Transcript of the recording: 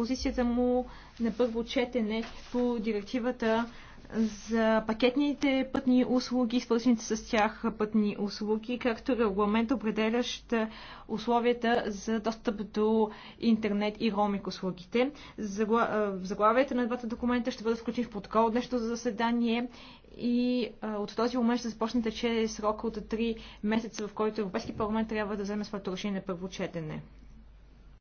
позицията му на първо четене по директивата за пакетните пътни услуги, свързаните с тях пътни услуги, както регламент определящ условията за достъп до интернет и роуминг услугите. Заглавията на двата документа ще бъдат включени в протокол от днешното заседание и от този момент ще започне тече срок от 3 месеца, в който Европейски парламент трябва да вземе своето решение на първо четене.